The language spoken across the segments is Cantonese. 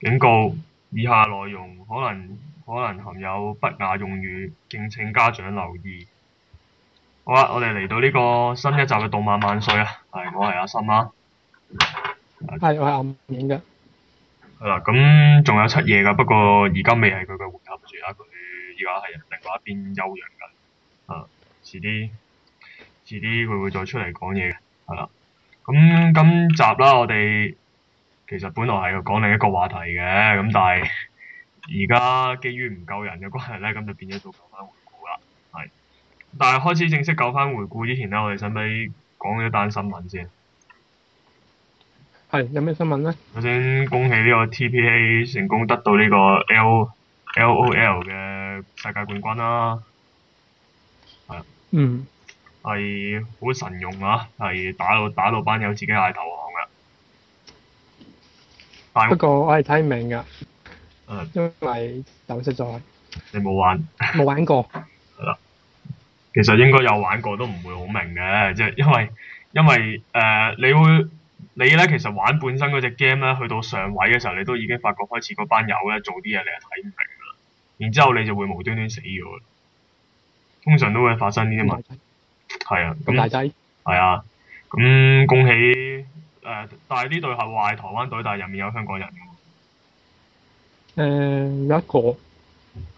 警告：以下內容可能可能含有不雅用語，敬請家長留意。好啦，我哋嚟到呢個新一集嘅《動漫萬歲》啊，係我係阿森啦，係我係暗影嘅。係啦、嗯，咁、嗯、仲、嗯、有七夜噶，不過而家未係佢嘅回合住啊，佢而家係另外一邊休養緊。啊、嗯，遲啲，遲啲佢會再出嚟講嘢嘅，係、嗯、啦。咁、嗯嗯、今集啦，我哋。其實本來係要講另一個話題嘅，咁但係而家基於唔夠人嘅關係咧，咁就變咗做講翻回顧啦，係。但係開始正式講翻回顧之前咧，我哋使唔使講一單新聞先？係，有咩新聞咧？首先恭喜呢個 TPA 成功得到呢個 LOL 嘅世界冠軍啦。係。嗯。係好神勇啊！係打到打到班友自己嗌投降啊。不過我係睇唔明㗎，嗯、因為就識咗你冇玩，冇玩過，係啦， 其實應該有玩過都唔會好明嘅，即係因為因為誒、呃，你會你咧其實玩本身嗰隻 game 咧，去到上位嘅時候，你都已經發覺開始嗰班友咧做啲嘢，你係睇唔明㗎，然之後你就會無端端死咗，通常都會發生呢啲問題，係啊，咁大劑，係、嗯、啊，咁恭喜。誒，但係呢隊係壞台灣隊，但係入面有香港人。誒、呃，一個。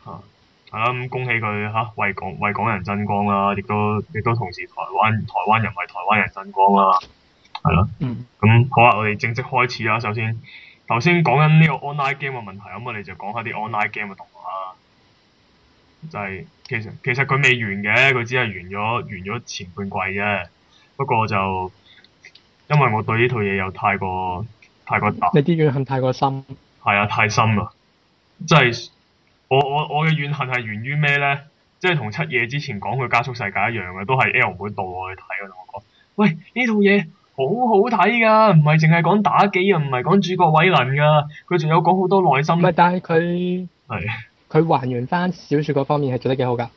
吓、啊，係、嗯、啦，咁恭喜佢吓，為港為港人爭光啦、啊，亦都亦都同時台灣台灣人為台灣人爭光啦、啊，係咯、啊。嗯。咁、嗯、好啊，我哋正式開始啦。首先，頭先講緊呢個 online game 嘅問題，咁啊，你就講下啲 online game 嘅動畫啦。就係、是、其實其實佢未完嘅，佢只係完咗完咗前半季啫，不過就。因為我對呢套嘢又太過太過，你啲怨恨太過深。係啊，太深啦！即係我我我嘅怨恨係源於咩咧？即係同七夜之前講佢加速世界一樣嘅，都係 L 唔會導我去睇同我講，喂，呢套嘢好好睇㗎，唔係淨係講打機啊，唔係講主角威能㗎，佢仲有講好多內心。唔係，但係佢係佢還原翻小説嗰方面係做得幾好㗎。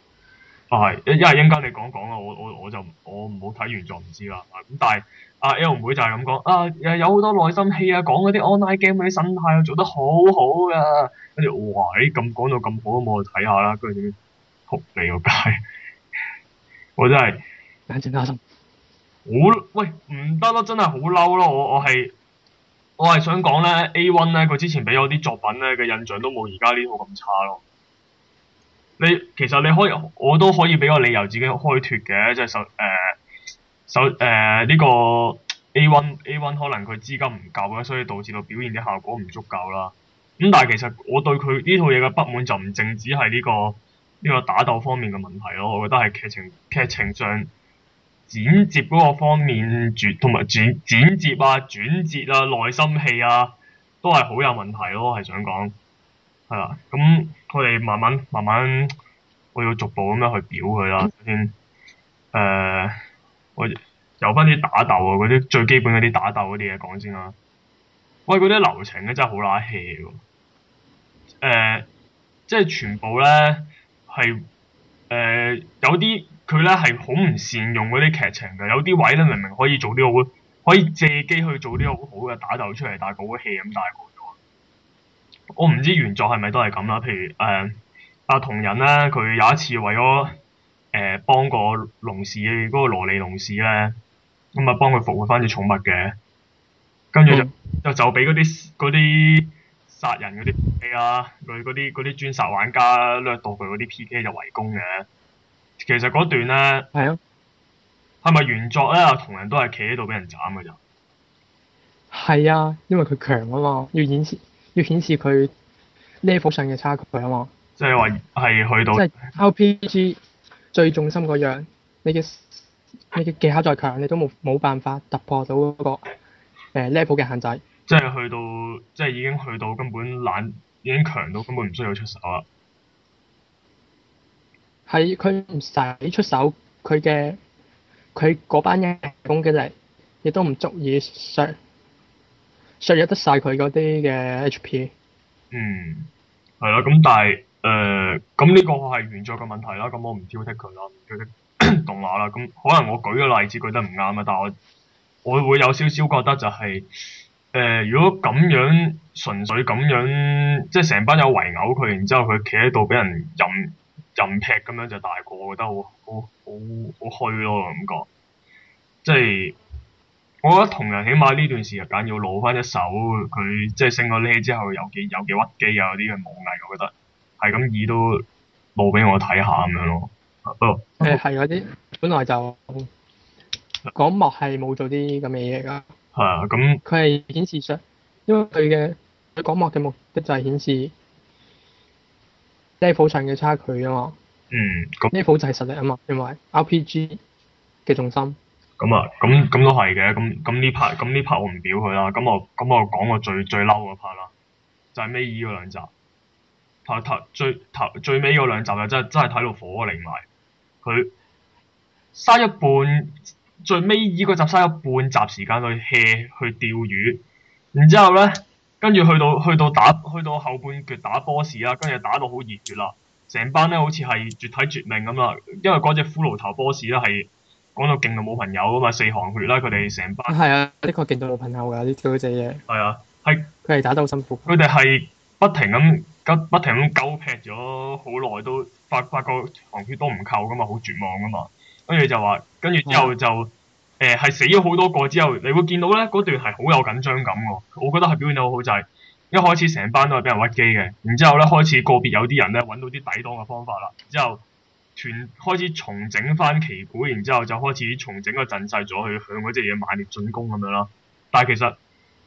因係、啊、一陣間你講講啦，我我我就我唔好睇原作唔知啦。咁但係。阿、啊、L 妹就係咁講，啊誒有好多內心戲啊，講嗰啲 online game 嗰啲生態啊，做得好好噶。跟住哇，誒咁講到咁好，都冇去睇下啦。跟住點？仆你個街，呵呵我真係。冷靜啲心。好，喂，唔得咯，真係好嬲咯！我我係，我係想講咧，A One 咧，佢之前俾我啲作品咧嘅印象都冇而家呢套咁差咯。你其實你可以，我都可以俾個理由自己開脱嘅，即係實首誒呢個 A One A One 可能佢資金唔夠咧，所以導致到表現嘅效果唔足夠啦。咁但係其實我對佢呢套嘢嘅不滿就唔淨止係呢個呢個打鬥方面嘅問題咯，我覺得係劇情劇情上剪接嗰個方面轉同埋轉剪接啊轉接啊，轉啊內心戲啊都係好有問題咯，係想講係啦。咁佢哋慢慢慢慢我要逐步咁樣去表佢啦先誒。呃我遊翻啲打鬥啊，嗰啲最基本嗰啲打鬥嗰啲嘢講先啦。喂，嗰啲流程咧真係好乸氣喎。誒、呃，即係全部咧係誒有啲佢咧係好唔善用嗰啲劇情㗎，有啲位咧明明可以做啲、這、好、個、可以借機去做啲好好嘅打鬥出嚟，但係好鬼氣咁，但係好多。我唔知原作係咪都係咁啦，譬如誒阿同仁咧，佢、呃啊、有一次為咗。誒幫個龍士嗰、那個羅莉龍士咧，咁啊幫佢復活翻隻寵物嘅，跟住就、嗯、就就俾嗰啲啲殺人嗰啲 P.K. 啊，佢嗰啲啲專殺玩家掠到佢嗰啲 P.K. 就圍攻嘅。其實嗰段咧，係啊，係咪原作咧？同人都係企喺度俾人斬嘅咋？係啊，因為佢強啊嘛，要顯示要顯示佢 level 上嘅差距啊嘛。即係話係去到即係 RPG。最重心個樣，你嘅你嘅技巧再強，你都冇冇辦法突破到嗰個 level 嘅限制。即係去到，即係已經去到根本懶，已經強到根本唔需要出手啦。係佢唔使出手，佢嘅佢嗰班人嘅攻擊力亦都唔足以削弱削弱得晒佢嗰啲嘅 H.P. 嗯，係咯，咁但係。誒咁呢個係原作嘅問題啦。咁我唔挑剔佢啦，唔挑剔動畫啦。咁 可能我舉嘅例子舉得唔啱啊，但係我我會有少少覺得就係、是、誒、呃，如果咁樣純粹咁樣，即係成班友圍毆佢，然之後佢企喺度俾人任任劈咁樣，就大過我覺得好好好好虛咯。感覺即係我覺得同人起碼呢段時間要攞翻隻手，佢即係升咗呢之後有幾有幾屈機啊！有啲嘅武藝，我覺得。係咁，耳都露俾我睇下咁樣咯。不過誒，係嗰啲本來就講幕係冇做啲咁嘅嘢㗎。係啊，咁佢係顯示出，因為佢嘅佢講幕嘅目的就係顯示 level 上嘅差距啊嘛。嗯，咁 level 就係實力啊嘛，因為 RPG 嘅重心。咁啊、嗯，咁咁都係嘅。咁咁呢排咁呢排我唔表佢啦。咁我咁我講個最最嬲嗰 part 啦，就係尾二嗰兩集。頭頭最頭最尾嗰兩集就真真係睇到火，啊，嚟埋，佢嘥一半最尾以個集嘥一半集時間去 hea 去釣魚，然之後咧跟住去到去到打去到後半橛打 boss 啦，跟住打到好熱血啦，成班咧好似係絕體絕命咁啦，因為嗰隻骷髏頭 boss 咧係講到勁到冇朋友啊嘛，四行血啦，佢哋成班係啊，的確勁到冇朋友㗎，啲跳嗰隻嘢係啊，係佢係打得好辛苦，佢哋係不停咁。咁不停咁鳩劈咗好耐都發發覺黃血都唔扣㗎嘛，好絕望㗎嘛，跟住就話，跟住之後就誒係、呃、死咗好多個之後，你會見到咧嗰段係好有緊張感喎，我覺得係表現得好好就係、是、一開始成班都係俾人屈機嘅，然之後咧開始個別有啲人咧揾到啲抵擋嘅方法啦，之後團開始重整返旗鼓，然之後就開始重整個陣勢咗去向嗰隻嘢猛烈進攻咁樣啦，但係其實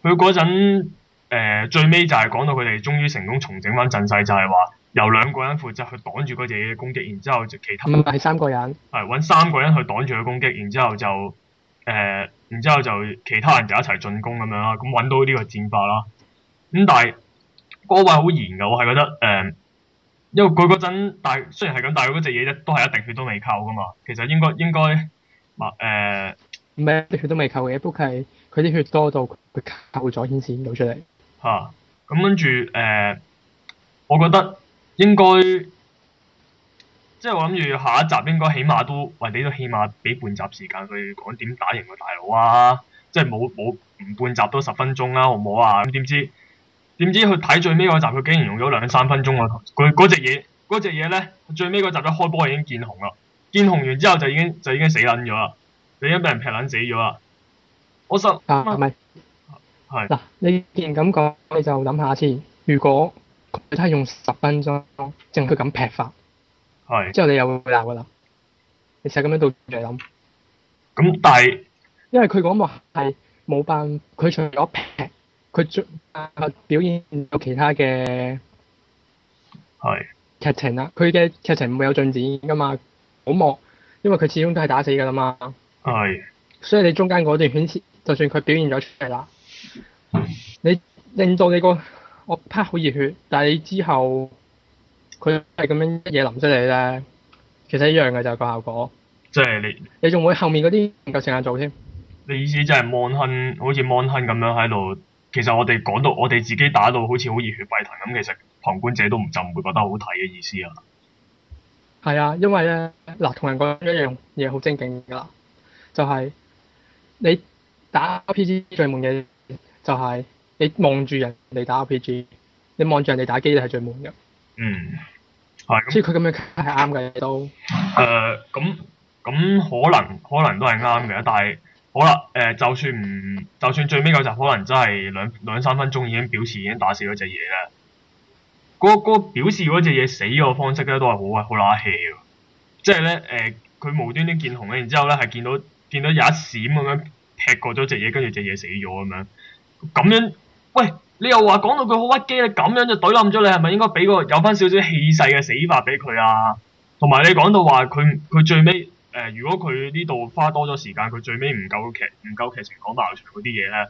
佢嗰陣。誒、呃，最尾就係講到佢哋終於成功重整翻陣勢，就係、是、話由兩個人負責去擋住嗰隻嘢嘅攻擊，然之後就其他唔係三個人，係搵三個人去擋住佢攻擊，然之後就誒、呃，然之後就其他人就一齊進攻咁樣啦。咁搵到呢個戰法啦。咁、嗯、但係嗰位好嚴噶，我係覺得誒、呃，因為佢嗰陣，但雖然係咁，但係嗰隻嘢咧都係一滴血都未扣噶嘛。其實應該應該，誒、呃，唔係一滴血都未扣嘅，不過係佢啲血多到佢扣咗顯示唔到出嚟。啊，咁跟住誒，我覺得應該，即係我諗住下一集應該起碼都，或者都起碼俾半集時間去講點打贏個大佬啊，即係冇冇唔半集都十分鐘啦、啊，好唔好啊？咁點知，點知佢睇最尾嗰集，佢竟然用咗兩三分鐘啊！佢嗰隻嘢，嗰隻嘢咧，最尾嗰集一開波已經見紅啦，見紅完之後就已經就已經死撚咗啦，就已經畀人劈撚死咗啦，我十啊咪。啊。嗱，是你既然咁講，你就諗下先。如果佢都係用十分鐘，正佢咁劈法，係是之後你又會鬧㗎啦。你成日咁樣到住嚟諗，咁但係因為佢嗰幕係冇辦法，佢，除咗劈佢，最表演唔到其他嘅係劇情啦。佢嘅劇情唔會有進展㗎嘛。好幕，因為佢始終都係打死㗎啦嘛。係是，所以你中間嗰段顯示，就算佢表現咗出嚟啦。嗯、你令到你個我拍好熱血，但係你之後佢係咁樣一嘢淋出嚟咧，其實一樣嘅就係個效果。即係你，你仲會後面嗰啲夠時間做添？你意思即係 mon hun，好似 mon hun 咁樣喺度？其實我哋講到我哋自己打到好似好熱血沸騰咁，其實旁觀者都唔就唔會覺得好睇嘅意思啊？係啊，因為咧嗱，同人講一樣嘢好正經噶啦，就係、是、你打 P C 最悶嘅。就係你望住人嚟打 RPG，你望住人哋打機你係最悶嘅。嗯，係、嗯。即係佢咁樣係啱嘅都。誒、嗯，咁咁可能可能都係啱嘅，但係好啦，誒，就算唔，就算最尾嗰集可能真係兩兩三分鐘已經表示已經打死咗隻嘢啦。嗰嗰表示嗰隻嘢死個方式咧，都係好啊，好乸氣嘅。即係咧，誒，佢無端端見紅咧，然之後咧係見到見到有一閃咁樣劈過咗隻嘢，跟住隻嘢死咗咁樣。咁樣，喂，你又話講到佢好屈機咧，咁樣就懟冧咗你，係咪應該俾個有翻少少氣勢嘅死法俾佢啊？同埋你講到話佢佢最尾，誒、呃，如果佢呢度花多咗時間，佢最尾唔夠劇唔夠劇情講鬧場嗰啲嘢咧，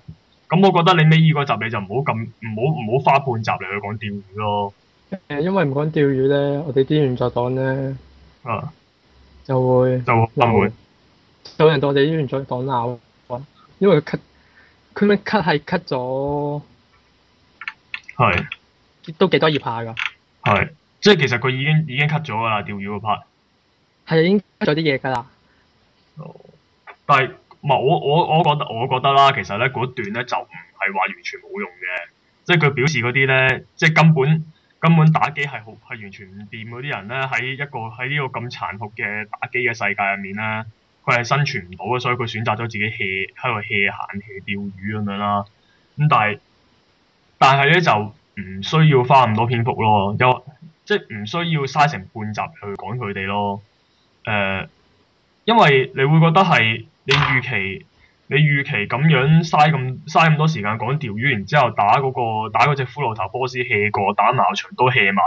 咁我覺得你尾二個集你就唔好咁唔好唔好花半集嚟去講釣魚咯。誒，因為唔講釣魚咧，我哋啲原作黨咧，啊，就會就會有人當我哋啲原作黨鬧啊，因為佢 cut。佢咪 cut 係 cut 咗，係，都幾是多頁下㗎？係，即係其實佢已經已經 cut 咗㗎啦。釣魚嗰 part 係啊，已經 cut 咗啲嘢㗎啦。但係唔係我我我覺得我覺得啦，其實咧，嗰段咧就唔係話完全冇用嘅，即係佢表示嗰啲咧，即係根本根本打機係好係完全唔掂嗰啲人咧，喺一個喺呢個咁殘酷嘅打機嘅世界入面啦。佢係生存唔到嘅，所以佢選擇咗自己 hea 喺度 hea 行 hea 釣魚咁樣啦。咁但係，但係咧就唔需要花咁多篇幅咯，又即係唔需要嘥成半集去講佢哋咯。誒、呃，因為你會覺得係你預期，你預期咁樣嘥咁嘥咁多時間講釣魚，然之後打嗰、嗰個打隻骷髏頭 BOSS，hea 過，打鬧場都 hea 埋，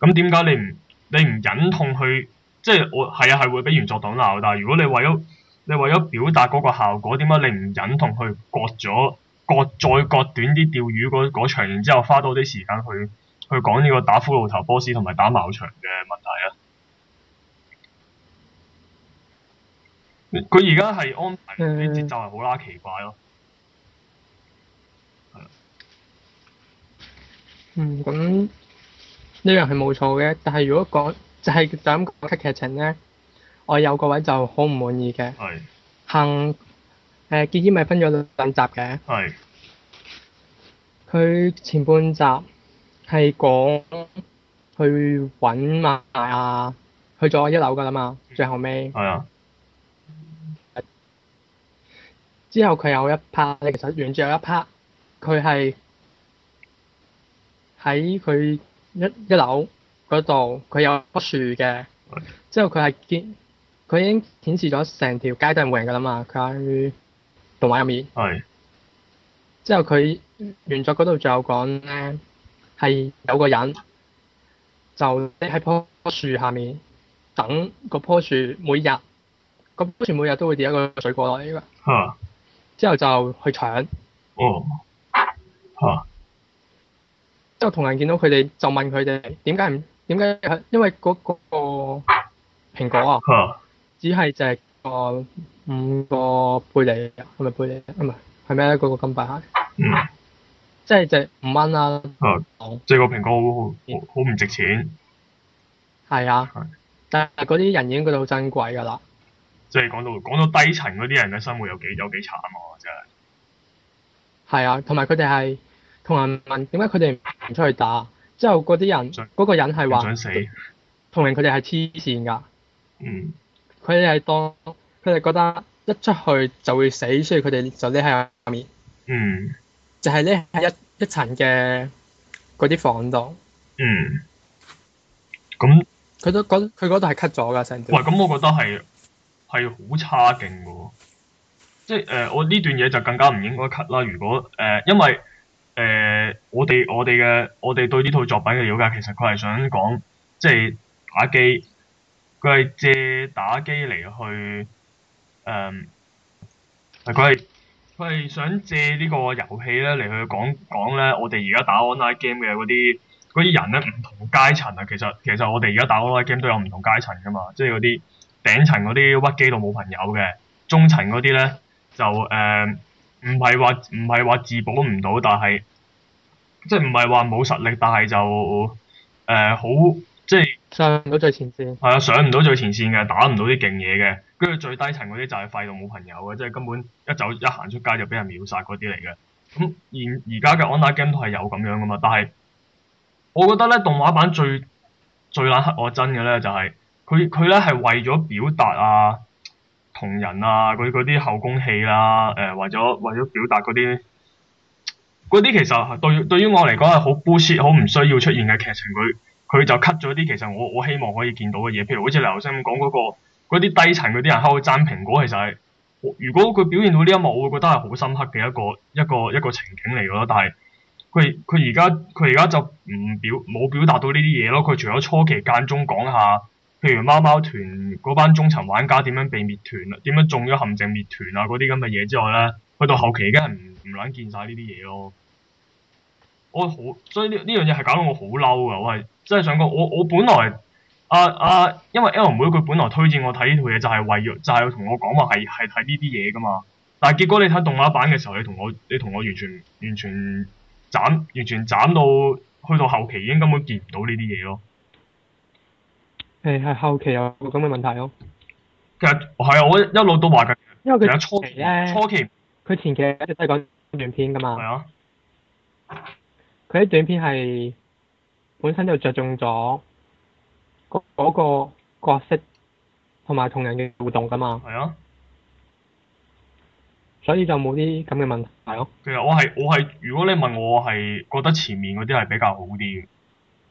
咁點解你唔你唔忍痛去？即係我係啊，係會俾原作黨鬧，但係如果你為咗你為咗表達嗰個效果，點解你唔忍同佢割咗割再割短啲釣魚嗰、嗰個場，然之後花多啲時間去去講呢個打骷髏頭 BOSS 同埋打矛場嘅問題啊？佢而家係安排啲節奏係好啦，奇怪咯。嗯。嗯，咁呢樣係冇錯嘅，但係如果講。就係就咁講劇情咧，我有個位就好唔滿意嘅。係。行，誒結衣咪分咗兩集嘅。係。佢前半集係講去揾馬亞，去咗一樓㗎喇嘛，最後尾。係啊。之後佢有一 part 咧，其實完最後一 part，佢係喺佢一一樓。嗰度佢有棵樹嘅，的之後佢係見，佢已經顯示咗成條街都係冇人噶啦嘛。佢喺動畫入面，的之後佢原作嗰度仲有講咧，係有個人就喺棵樹下面等，嗰棵樹每日，嗰棵樹每日都會掉一個水果落嚟嘅。哈之後就去搶。哦，嚇！之後同人見到佢哋就問佢哋點解唔～點解？因為嗰個蘋果啊，Huh. 只係值個五個貝利，係咪貝利？唔係，係咩咧？嗰、嗰個金幣盒，嗯，即係值五蚊啦。啊，即係個蘋果好好唔值錢。係啊，是但係嗰啲人已經覺得好珍貴㗎啦。即係講到講到低層嗰啲人嘅生活有幾有幾慘喎，啊，真係。係啊，同埋佢哋係同人問點解佢哋唔出去打？之後嗰啲人，嗰想個人係話，想死，同埋佢哋係黐線㗎。嗯。佢哋係當，佢哋覺得一出去就會死，所以佢哋就匿喺下面。嗯。就係匿喺一一層嘅嗰啲房度。嗯。咁。佢都覺佢嗰度係 cut 咗㗎成。喂，咁我覺得係係好差勁喎。即係誒、呃，我呢段嘢就更加唔應該 cut 啦。如果誒、呃，因為。誒、呃，我哋我哋嘅我哋對呢套作品嘅了解，其實佢係想講，即係打機，佢係借打機嚟去，誒、呃，佢係佢係想借個遊戲呢個遊戲咧嚟去講講咧，我哋而家打 online game 嘅嗰啲嗰啲人咧唔同階層啊，其實其實我哋而家打 online game 都有唔同階層㗎嘛，即係嗰啲頂層嗰啲屈機到冇朋友嘅，中層嗰啲咧就誒，唔係話唔係話自保唔到，但係。即係唔係話冇實力，但係就誒、呃、好即係上唔到最前線。係啊，上唔到最前線嘅，打唔到啲勁嘢嘅。跟住最低層嗰啲就係廢到冇朋友嘅，即係根本一走一行出街就俾人秒殺嗰啲嚟嘅。咁現而家嘅 online game 都係有咁樣噶嘛，但係我覺得咧動畫版最最難黑我憎嘅咧就係佢佢咧係為咗表達啊同人啊嗰啲後宮戲啦、啊、誒、呃，為咗為咗表達嗰啲。嗰啲其實對對於我嚟講係好 bullshit 好唔需要出現嘅劇情，佢佢就 cut 咗啲其實我我希望可以見到嘅嘢，譬如好似你頭先咁講嗰個嗰啲低層嗰啲人喺度爭蘋果，其實係如果佢表現到呢一幕，我會覺得係好深刻嘅一個一個一個情景嚟噶咯。但係佢佢而家佢而家就唔表冇表達到呢啲嘢咯。佢除咗初期間中講下，譬如貓貓團嗰班中層玩家點樣被滅團啦，點樣中咗陷阱滅團啊嗰啲咁嘅嘢之外咧，去到後期梗係唔唔撚見晒呢啲嘢咯。我好，所以呢呢樣嘢係搞到我好嬲㗎。我係真係想講，我我本來啊啊，啊，因為 L 妹佢本來推薦我睇呢套嘢，就係為咗，就係要同我講話係係睇呢啲嘢噶嘛。但係結果你睇動畫版嘅時候，你同我你同我完全完全斬完全斬到去到後期已經根本見唔到呢啲嘢咯。誒係後期有咁嘅問題咯。其實係啊，我一路都話佢，因為佢初期咧，初期佢前期一直都係講短片噶嘛。係啊。佢啲短片係本身就着重咗嗰個角色同埋同人嘅互動㗎嘛，係啊，所以就冇啲咁嘅問題咯。其實我係我係，如果你問我係覺得前面嗰啲係比較好啲，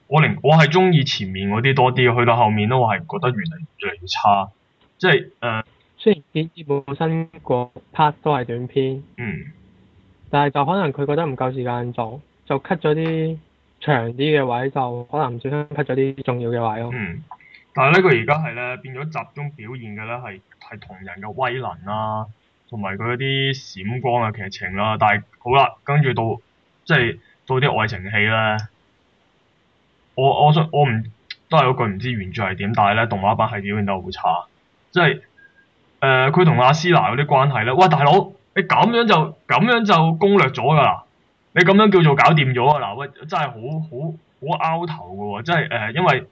我寧我係中意前面嗰啲多啲，去到後面咧，我係覺得越嚟越差。即係誒，呃、雖然基本身嗰 part 都係短片，嗯，但係就可能佢覺得唔夠時間做。就 cut 咗啲長啲嘅位，就可能唔小心 cut 咗啲重要嘅位咯。嗯，但係呢個而家係咧變咗集中表現嘅，啦，係係同人嘅威能啦、啊，同埋佢啲閃光嘅劇情啦、啊。但係好啦，跟住到即係、即係、到啲愛情戲咧，我我我唔都係嗰句唔知原著係點，但係咧動畫版係表現得好差，即係誒佢同阿斯娜嗰啲關係咧。喂，大佬，你咁樣就咁樣就攻略咗㗎啦！你咁樣叫做搞掂咗啊！嗱喂，真係好好好拗頭嘅喎，真係、呃、因為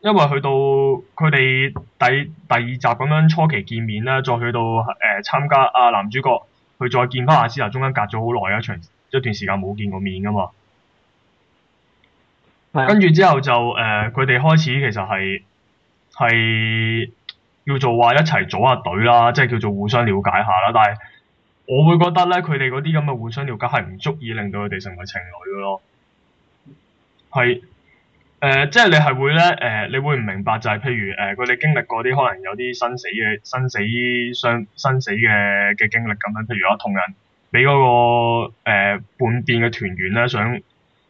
因為去到佢哋第第二集咁樣初期見面啦，再去到誒、呃、參加啊男主角去再見返阿斯拿，中間隔咗好耐啊，長一段時間冇見過面嘅嘛。係。跟住之後就誒，佢、呃、哋開始其實係係叫做話一齊組下隊啦，即係叫做互相了解下啦，但係。我會覺得咧，佢哋嗰啲咁嘅互相瞭解係唔足以令到佢哋成為情侶嘅咯。係，誒、呃，即係你係會咧，誒、呃，你會唔明白就係、是、譬如誒，佢、呃、哋經歷過啲可能有啲生死嘅、生死相、生死嘅嘅經歷咁樣。譬如我同人俾嗰、那個、呃、半電嘅團員咧，想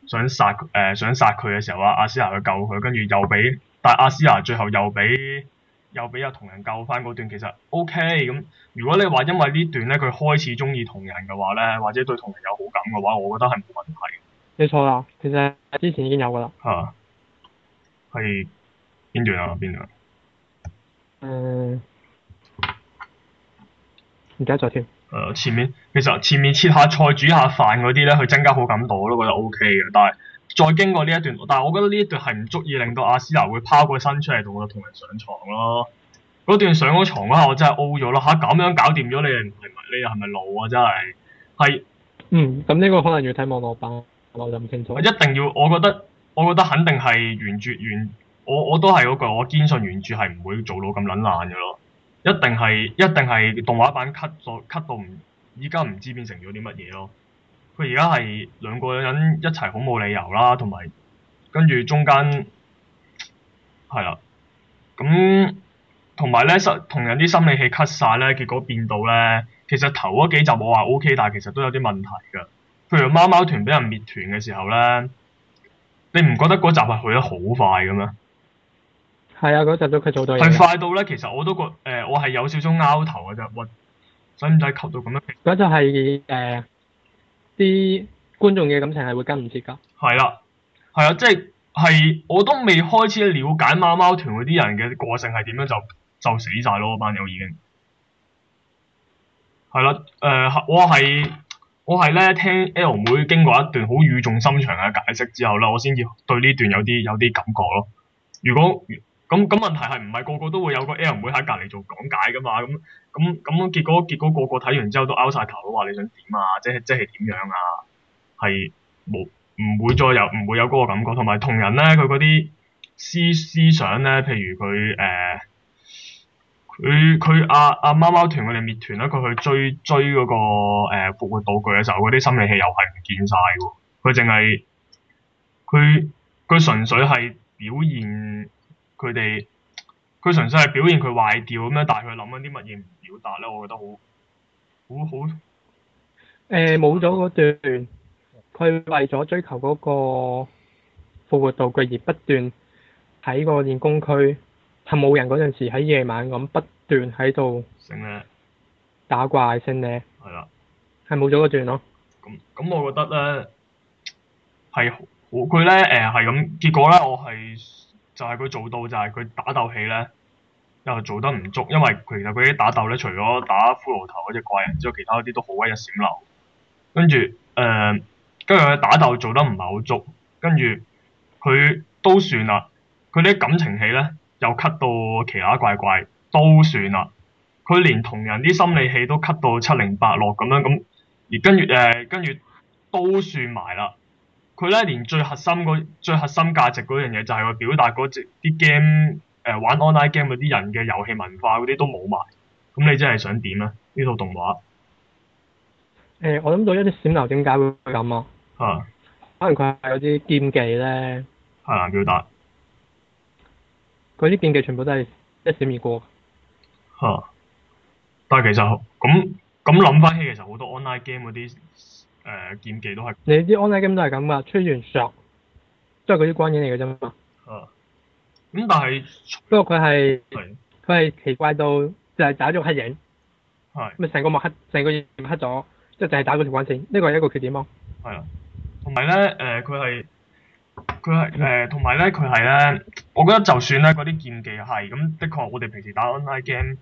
想殺誒、呃、想殺佢嘅時候啊，阿斯娜去救佢，跟住又俾，但阿斯娜最後又俾。又比較同人救翻嗰段，其實 O K 咁。如果你話因為呢段咧，佢開始中意同人嘅話咧，或者對同人有好感嘅話，我覺得係冇問題。冇錯啦，其實之前已經有噶啦。嚇、啊，係邊段啊？邊段、啊？誒、嗯，而家再添，誒、呃，前面其實前面切下菜煮下飯嗰啲咧，佢增加好感度我都覺得 O K 嘅，但係再經過呢一段，但係我覺得呢一段係唔足以令到阿斯納會拋個身出嚟同我同人上床咯。嗰段上咗床嗰下我真係 O 咗啦吓，咁樣搞掂咗你係你係咪老啊？真係係嗯，咁呢個可能要睇網絡版，我又唔清楚。一定要，我覺得我覺得肯定係原著原，我我都係嗰句，我堅信原著係唔會做到咁撚爛嘅咯。一定係一定係動畫版 cut 咗 cut 到唔依家唔知變成咗啲乜嘢咯。佢而家係兩個人一齊好冇理由啦，同埋跟住中間係啦，咁同埋咧同人啲心理氣 cut 曬咧，結果變到咧，其實頭嗰幾集我話 O K，但係其實都有啲問題嘅。譬如貓貓團俾人滅團嘅時候咧，你唔覺得嗰集係去得好快嘅咩？係啊，嗰集都佢做多嘢。係快到咧，其實我都覺誒、呃，我係有少少拗頭嘅啫，或使唔使 cut 到咁樣？嗰就係、是、誒。呃啲觀眾嘅感情係會跟唔切㗎。係啦，係啊，即係係我都未開始了解貓貓團嗰啲人嘅個性係點樣就就死晒咯，班友已經。係啦，誒、呃，我係我係咧聽 L 妹經過一段好語重心長嘅解釋之後咧，我先至對呢段有啲有啲感覺咯。如果咁咁問題係唔係個個都會有個 L 妹喺隔離做講解㗎嘛？咁咁咁，結果結果個個睇完之後都拗曬頭，話你想點啊？即係即係點樣啊？係冇唔會再有唔會有嗰個感覺，同埋同人咧，佢嗰啲思思想咧，譬如佢誒佢佢阿阿貓貓團佢哋滅團啦，佢去追追嗰、那個誒、呃、復活道具嘅時候，嗰啲心理戲又係唔見晒嘅，佢淨係佢佢純粹係表現。佢哋，佢純粹係表現佢壞掉咁樣，但係佢諗緊啲乜嘢唔表達咧？我覺得好，好好。誒，冇咗嗰段，佢為咗追求嗰個復活道具而不斷喺個練功區，係冇人嗰陣時喺夜晚咁不斷喺度升咧？打怪聲咧？係啦，係冇咗嗰段咯。咁咁，我覺得咧係好佢咧誒係咁，結果咧我係。就係佢做到，就係佢打鬥戲咧又做得唔足，因為其實佢啲打鬥咧，除咗打骷髏頭嗰隻怪人之外，其他一啲都好鬼有閃漏。跟住誒、呃，跟住佢打鬥做得唔係好足，跟住佢都算啦。佢啲感情戲咧又 cut 到奇奇怪怪，都算啦。佢連同人啲心理戲都 cut 到七零八落咁樣咁，而跟住誒跟住都算埋啦。佢咧連最核心嗰最核心價值嗰樣嘢，就係佢表達嗰隻啲 game 誒玩 online game 嗰啲人嘅遊戲文化嗰啲都冇埋。咁你真係想點咧？呢套動畫？誒、欸，我諗到一啲閃流點解會咁咯。啊。啊可能佢係有啲劍技咧。係難、啊、表達。佢啲劍技全部都係一閃而過。嚇、啊！但係其實咁咁諗翻起，其實好多 online game 嗰啲。誒，劍技都係你啲 online game 都係咁噶，吹完削都係嗰啲光影嚟嘅啫嘛。咁、啊嗯、但係不過佢係佢係奇怪到就係打咗黑影，係咁成個幕黑，成個嘢黑咗，即係淨係打嗰條光綫。呢個係一個缺點咯。係啊，同埋咧，誒，佢係佢係誒，同埋咧，佢係咧，我覺得就算咧，嗰啲劍技係咁的確，我哋平時打 online game，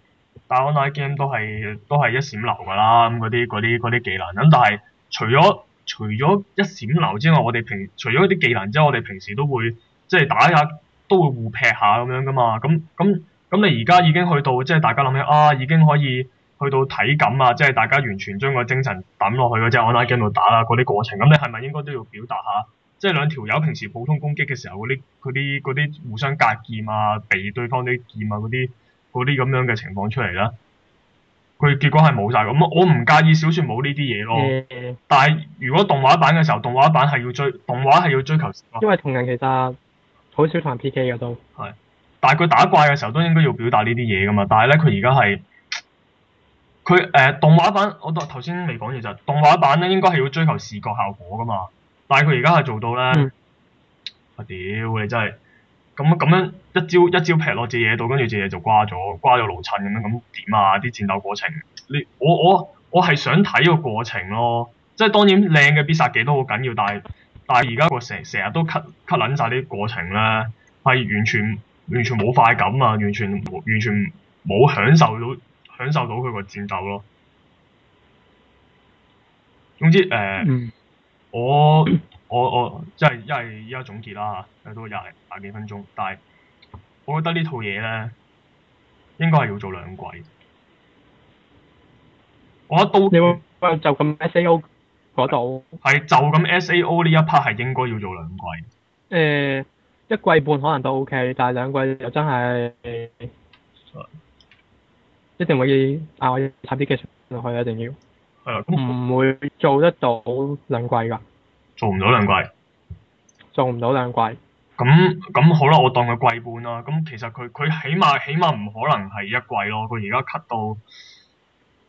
打 online game 都係都係一閃流噶啦。咁嗰啲啲啲技能咁，但係。除咗除咗一閃流之外，我哋平除咗啲技能之外，我哋平時都會即係打一下都會互劈下咁樣噶嘛。咁咁咁你而家已經去到即係大家諗起啊，已經可以去到體感啊，即係大家完全將個精神抌落去嗰隻安拉機度打啦。嗰啲過程咁，你係咪應該都要表達下？即係兩條友平時普通攻擊嘅時候嗰啲啲啲互相隔劍啊，避對方啲劍啊啲嗰啲咁樣嘅情況出嚟啦。佢結果係冇晒，咁，我唔介意小説冇呢啲嘢咯。嗯、但係如果動畫版嘅時候，動畫版係要追動畫係要追求視覺。因為同人其實好少談 PK 嘅都。係，但係佢打怪嘅時候都應該要表達呢啲嘢噶嘛。但係咧，佢而家係佢誒動畫版，我頭先未講嘢就動畫版咧，應該係要追求視覺效果噶嘛。但係佢而家係做到咧，我屌、嗯、你真係～咁咁樣一招一招劈落隻嘢度，跟住隻嘢就瓜咗，瓜咗老襯咁樣，咁點啊？啲戰鬥過程，你我我我係想睇個過程咯，即係當然靚嘅必殺技都好緊要，但係但係而家個成成日都 cut cut 撚曬啲過程咧，係完全完全冇快感啊，完全完全冇享受到享受到佢個戰鬥咯。總之誒，呃嗯、我。我我即係因為依家總結啦嚇，都廿廿幾分鐘，但係我覺得套呢套嘢咧應該係要做兩季。我一都你會、嗯、就咁 S A O 嗰度。係就咁 S A O 呢一 part 係應該要做兩季。誒、呃、一季半可能都 OK，但係兩季又真係一定會插一，但我要插啲嘅去一定要。係啊，唔會做得到兩季㗎。做唔到兩季，做唔到兩季。咁咁好啦，我當佢季半啦。咁其實佢佢起碼起碼唔可能係一季咯。佢而家 cut 到，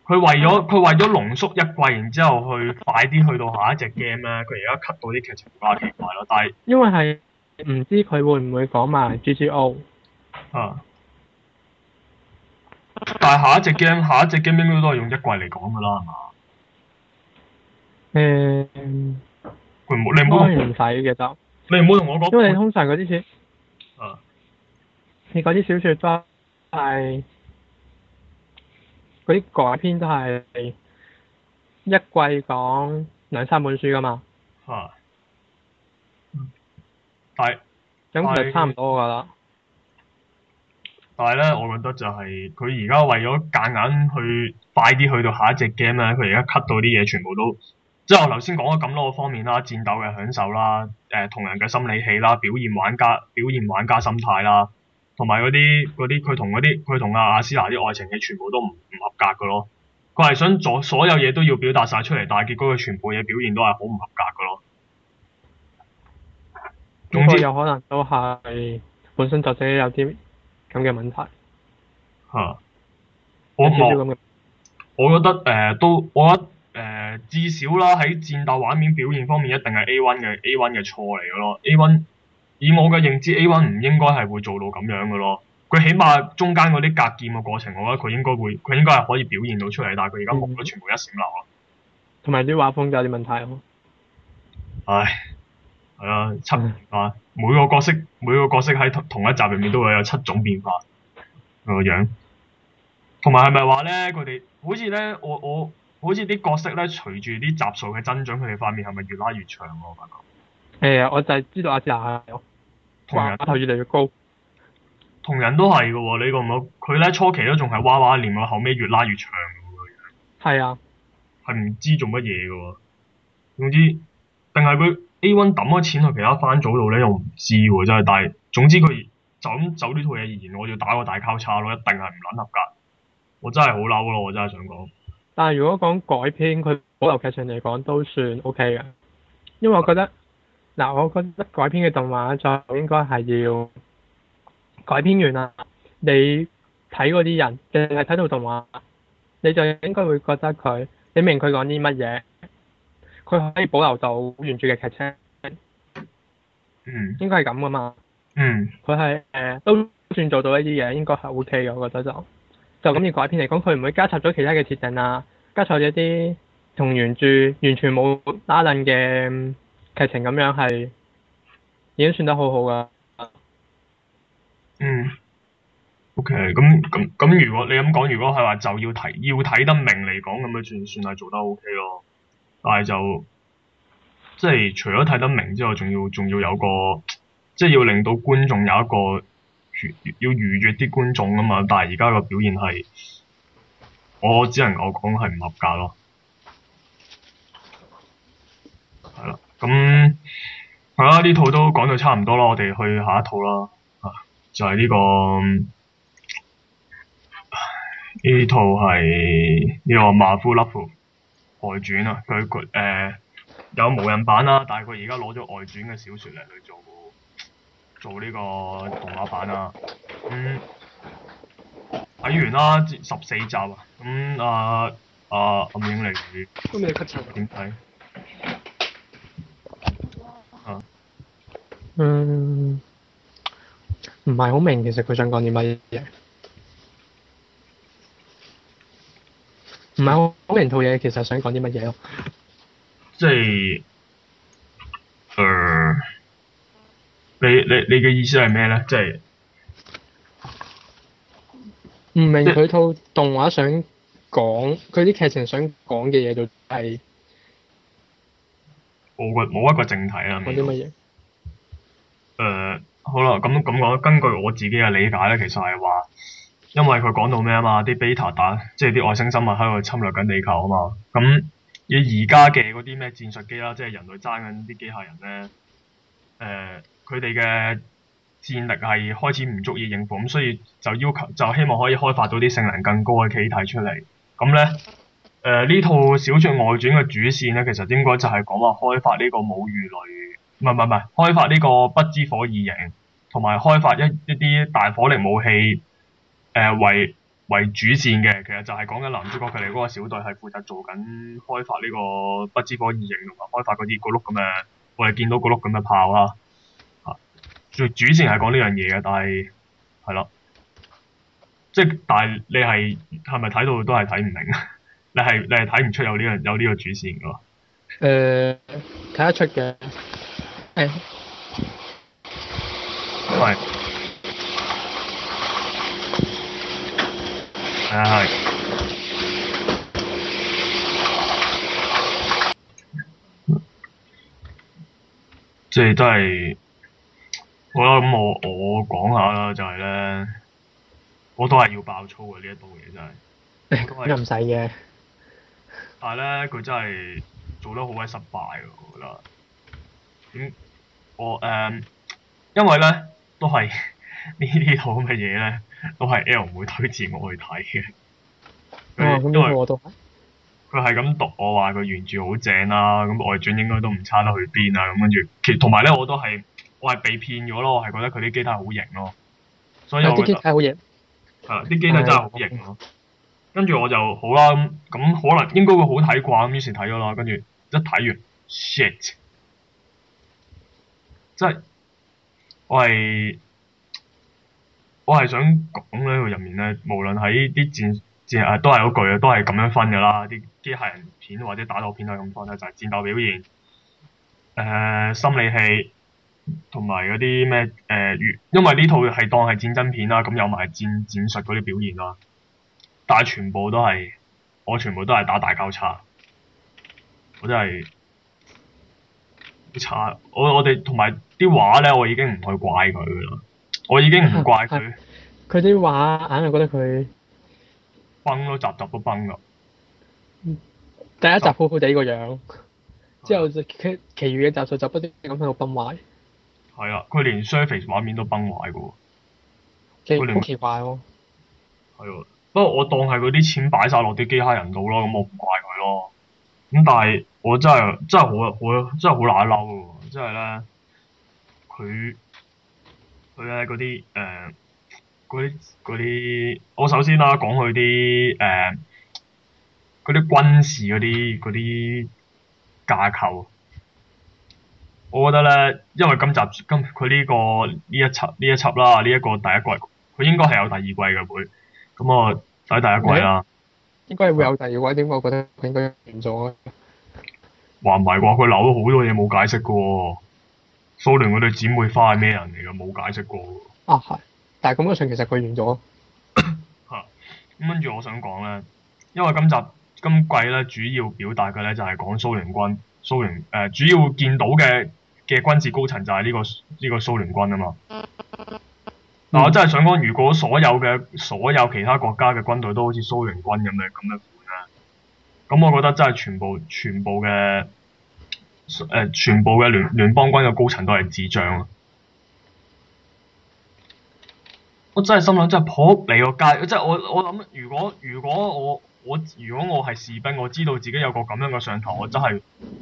佢為咗佢為咗濃縮一季，然之後去快啲去，去，去到下一隻 game 咧。佢而家 cut 到啲劇情好奇怪咯，但係因為係唔知佢會唔會講埋 GGO。嗯、啊。但係下一隻 game，下一隻 game 應該都係用一季嚟講噶啦，係嘛？誒。Um, 你唔使嘅就，你唔好同我講，因為你通常嗰啲小，啊，你嗰啲小説都係，嗰啲改編都係一季講兩三本書噶嘛，嚇、啊，但係，咁就其實差唔多噶啦，但係咧，我覺得就係佢而家為咗夾硬去快啲去到下一隻 game 咧，佢而家 cut 到啲嘢全部都。即係我頭先講咗咁多個方面啦，戰鬥嘅享受啦，誒、呃、同人嘅心理戲啦，表現玩家表現玩家心態啦，同埋嗰啲啲佢同嗰啲佢同阿阿斯娜啲愛情嘅全部都唔唔合格嘅咯。佢係想做所有嘢都要表達晒出嚟，但係結果佢全部嘢表現都係好唔合格嘅咯。總之有可能都係本身就寫有啲咁嘅問題。嚇！我我，我覺得誒、呃、都我。誒、呃，至少啦喺戰鬥畫面表現方面，一定係 A one 嘅 A one 嘅錯嚟嘅咯。A one 以我嘅認知，A one 唔應該係會做到咁樣嘅咯。佢起碼中間嗰啲格劍嘅過程，我覺得佢應該會，佢應該係可以表現到出嚟。但係佢而家冇咗全部一閃流、嗯、啊。同埋啲畫風就有啲問題咯。唉，係啊，七變、嗯每，每個角色每個角色喺同一集入面都會有七種變化個樣。同埋係咪話咧，佢哋好似咧，我我。好似啲角色咧，隨住啲集數嘅增長，佢哋塊面係咪越拉越長？我覺得誒，我就係知道阿志啊，啊同人頭越嚟越高，同人都係嘅喎，呢個冇，佢咧初期都仲係娃娃臉，喎，後尾越拉越長嘅喎，係啊，係唔知做乜嘢嘅喎，總之定係佢 A one 抌咗錢去其他番組度咧，又唔知喎真係，但係總之佢就咁走呢套嘢而言，我要打個大交叉咯，一定係唔撚合格，我真係好嬲咯，我真係想講。但係如果講改編，佢保留劇情嚟講都算 OK 嘅，因為我覺得嗱，我覺得改編嘅動畫就應該係要改編完啦，你睇嗰啲人淨係睇到動畫，你就應該會覺得佢，你明佢講啲乜嘢，佢可以保留到原著嘅劇情，嗯，應該係咁㗎嘛，嗯，佢係誒都算做到一啲嘢，應該係 OK 嘅，我覺得就。就咁以改編嚟講，佢唔會加插咗其他嘅設定啊，加插咗啲同原著完全冇拉褦嘅劇情咁樣係，已經算得好好噶。嗯。O K，咁咁咁，如果你咁講，如果係話就要睇要睇得明嚟講，咁咪算算係做得 O K 咯。但係就，即係除咗睇得明之外，仲要仲要有個，即係要令到觀眾有一個。要預約啲觀眾啊嘛，但係而家個表現係，我只能我講係唔合格咯。係啦，咁係啦，呢、嗯、套都講到差唔多啦，我哋去下一套啦。啊，就係、是、呢、這個呢套係呢、這個《馬夫 l o 外傳》啊，佢、呃、誒有無人版啦，但係佢而家攞咗外傳嘅小説嚟去做。做呢個動畫版啊，咁睇完啦，十四集，啊。咁啊啊林影嚟，咁你覺得點睇？嗯，唔係好明其實佢想講啲乜嘢，唔係好明套嘢其實想講啲乜嘢咯，即係誒。呃你你你嘅意思係咩咧？即係唔明佢套動畫想講，佢啲劇情想講嘅嘢就係、是、我個冇一個正題啦。講啲乜嘢？誒、呃，好啦，咁咁講，根據我自己嘅理解咧，其實係話，因為佢講到咩啊嘛，啲貝塔彈，即係啲外星生物喺度侵略緊地球啊嘛，咁而而家嘅嗰啲咩戰術機啦，即係人類爭緊啲機械人咧，誒、呃。佢哋嘅戰力係開始唔足以應付，咁所以就要求就希望可以開發到啲性能更高嘅機體出嚟。咁咧，誒、呃、呢套小説外傳嘅主線咧，其實應該就係講話開發呢個母魚類，唔係唔係唔係，開發呢個不知火二型，同埋開發一一啲大火力武器，誒、呃、為為主線嘅。其實就係講緊男主角佢哋嗰個小隊係負責做緊開發呢個不知火二型，同埋開發嗰啲、嗰個碌咁嘅，我哋見到個碌咁嘅炮啦。最主線係講呢樣嘢嘅，但係係咯，即係但係你係係咪睇到都係睇唔明啊？ 你係你係睇唔出有呢樣有呢個主線嘅？誒、呃，睇得出嘅，係，係，係、啊，即係都係。就是好啦，咁我我講下啦，就係咧，我都係要爆粗嘅、哎、呢一度嘢真係。咁又唔使嘅。但係咧，佢真係做得好鬼失敗喎，我覺得。點、嗯？我誒、嗯，因為咧都係呢啲好嘅嘢咧，都係 L 唔會推薦我去睇嘅。哎嗯、因為我都佢係咁讀我話佢原著好正啦、啊，咁外傳應該都唔差得去邊啊！咁跟住，其同埋咧，我都係。我係被騙咗咯，我係覺得佢啲機體好型咯，所以我就啲、嗯、機體好型，係啦、嗯，啲機體真係好型咯。嗯、跟住我就好啦，咁、嗯、可能應該會好睇啩，咁於是睇咗啦。跟住一睇完，shit！即係我係我係想講喺佢入面咧，無論喺啲戰戰誒都係嗰句啊，都係咁樣分㗎啦。啲機械人片或者打鬥片都類咁多咧，就係、是、戰鬥表現、誒、呃、心理戲。同埋嗰啲咩誒，因為呢套係當係戰爭片啦，咁有埋戰戰術嗰啲表現啦，但係全部都係我全部都係打大交叉，我真係好差我我哋同埋啲畫咧，我已經唔去怪佢噶啦，我已經唔怪佢。佢啲畫硬係覺得佢崩咯，集集都崩噶。第一集好好地個樣，啊、之後就其餘嘅集數就不知點解好崩壞。係啊，佢連 surface 畫面都崩壞嘅喎，即係唔奇怪咯。係喎，不過我當係佢啲錢擺晒落啲機械人度咯，咁我唔怪佢咯。咁但係我真係真係好，我真係好乸嬲嘅喎，即係咧，佢佢咧嗰啲誒嗰啲嗰啲，我首先啦、啊、講佢啲誒嗰啲軍事嗰啲嗰啲架構。我覺得咧，因為今集今佢呢、呢個呢一輯呢一輯啦，呢一個第一季，佢應該係有第二季嘅會，咁啊睇第一季啦。應該係會有第二季，點解我覺得佢應該完咗？話唔係啩，佢留咗好多嘢冇解釋嘅喎，蘇聯嗰對姊妹花係咩人嚟嘅？冇解釋過啊係，但係咁嘅上其實佢完咗。嚇 嗯，咁跟住我想講咧，因為今集今季咧主要表達嘅咧就係、是、講蘇聯軍，蘇聯誒、呃、主要見到嘅。嘅軍事高層就係呢個呢個蘇聯軍啊嘛，嗱、嗯、我真係想講，如果所有嘅所有其他國家嘅軍隊都好似蘇聯軍咁樣咁樣管啊，咁我覺得真係全部全部嘅誒、呃、全部嘅聯聯邦軍嘅高層都係智障啊！我真係心諗真係，撲你個街！即係我我諗，如果如果我。我如果我係士兵，我知道自己有個咁樣嘅上頭，我真係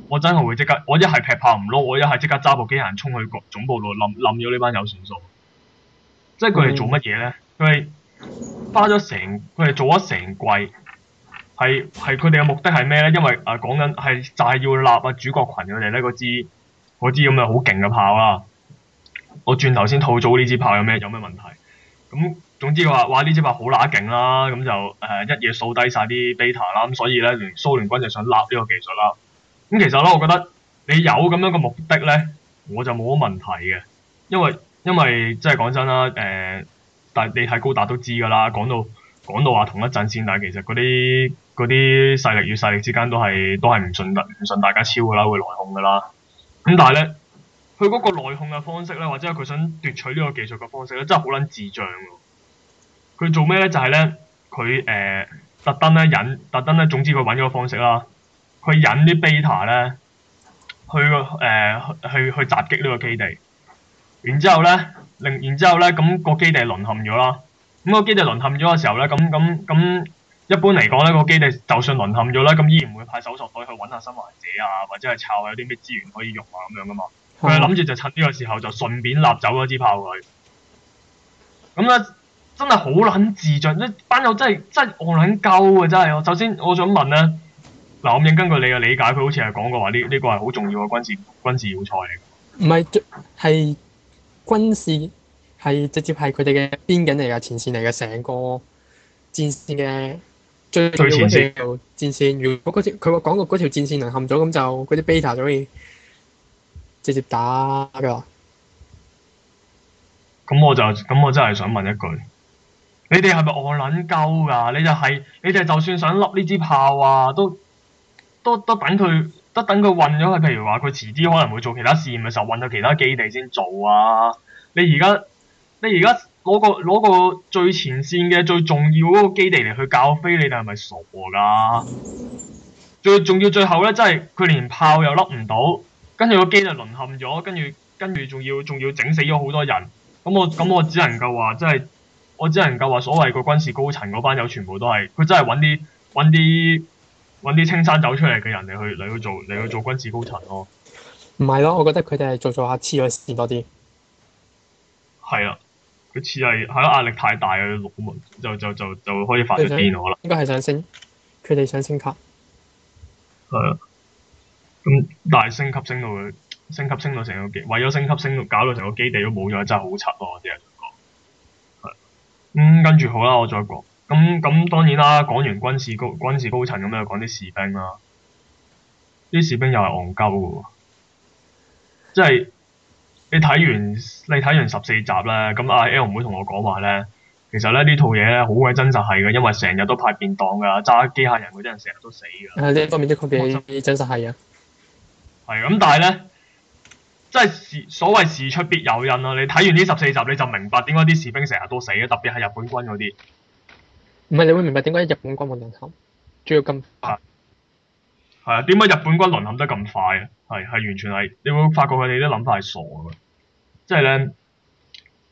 我真係會即刻，我一係劈炮唔撈，我一係即刻揸部機械人衝去個總部度冧冧咗呢班有算數。即係佢哋做乜嘢咧？佢係花咗成，佢係做咗成季，係係佢哋嘅目的係咩咧？因為誒講緊係就係、是、要立啊主角群呢。佢哋咧嗰支嗰支咁嘅好勁嘅炮啦。我轉頭先吐槽呢支炮有咩有咩問題咁？嗯總之話，哇！呢隻話好乸勁啦，咁就誒、呃、一夜掃低晒啲 beta 啦，咁所以咧，聯蘇聯軍就想立呢個技術啦。咁、嗯、其實咧，我覺得你有咁樣嘅目的咧，我就冇乜問題嘅，因為因為真係講真啦，誒、呃，但你睇高達都知㗎啦，講到講到話同一陣線，但係其實嗰啲啲勢力與勢力之間都係都係唔信得唔信大家超㗎啦，會內訌㗎啦。咁但係咧，佢嗰個內訌嘅方式咧，或者佢想奪取呢個技術嘅方式咧，真係好撚智障。佢做咩咧？就係、是、咧，佢誒特登咧引，特登咧總之佢揾咗個方式啦。佢引啲 beta 咧，去個誒、呃、去去襲擊呢個基地。然之後咧，令然之後咧，咁、那個基地淪陷咗啦。咁、那個基地淪陷咗嘅時候咧，咁咁咁，一般嚟講咧，那個基地就算淪陷咗啦，咁依然會派搜索隊去揾下生還者啊，或者係摷下有啲咩資源可以用啊咁樣噶嘛。佢諗住就趁呢個時候就順便攬走嗰支炮佢。咁咧。真係好撚智障，啲班友真係真我撚鳩啊。真係。首先我想問咧，嗱，我咁應根據你嘅理解，佢好似係講過話呢呢個係好重要嘅軍事軍事要塞嚟。唔係，係軍事係直接係佢哋嘅邊境嚟嘅前線嚟嘅成個戰線嘅最重要嘅戰線。如果佢話講個嗰條戰線淪陷咗，咁就嗰啲 beta 就可以直接打嘅。咁我就咁我真係想問一句。你哋係咪我撚鳩㗎？你就係、是，你哋就算想笠呢支炮啊，都都都等佢，都等佢運咗。譬如話，佢遲啲可能會做其他試驗嘅時候，運到其他基地先做啊。你而家你而家攞個攞個最前線嘅最重要嗰個基地嚟去教飛，你哋係咪傻㗎？最重要最後咧，真係佢連炮又笠唔到，跟住個基就淪陷咗，跟住跟住仲要仲要整死咗好多人。咁我咁我只能夠話真係。我只能夠話所謂個軍事高層嗰班友全部都係，佢真係揾啲揾啲揾啲青山走出嚟嘅人嚟去嚟去做嚟去做軍事高層咯。唔係咯，我覺得佢哋係做做下黐咗線多啲。係啊，佢黐係係咯，壓力太大啊！六個門就就就就，就可以發出電我啦。應該係想升，佢哋想升級。係啊，咁但係升級升到升級升到成個基，為咗升級升搞到成個基地都冇咗，真係好柒咯啲人。咁、嗯、跟住好啦，我再講，咁、嗯、咁、嗯、當然啦，講完軍事高軍事高層咁又講啲士兵啦，啲士兵又係戇鳩喎，即係你睇完你睇完十四集咧，咁、嗯、阿 L 唔會同我講話咧，其實咧呢套嘢咧好鬼真實係嘅，因為成日都派便當㗎，揸機械人嗰啲人成日都死㗎。係、嗯嗯、呢方面，我真係真實係啊，係咁，但係咧。即係事所謂事出必有因咯、啊，你睇完呢十四集你就明白點解啲士兵成日都死嘅，特別係日本軍嗰啲。唔係，你會明白點解日本軍淪陷仲要咁快。係啊，點解、啊、日本軍淪陷得咁快啊？係係完全係，你會發覺佢哋啲諗法係傻嘅。即係咧，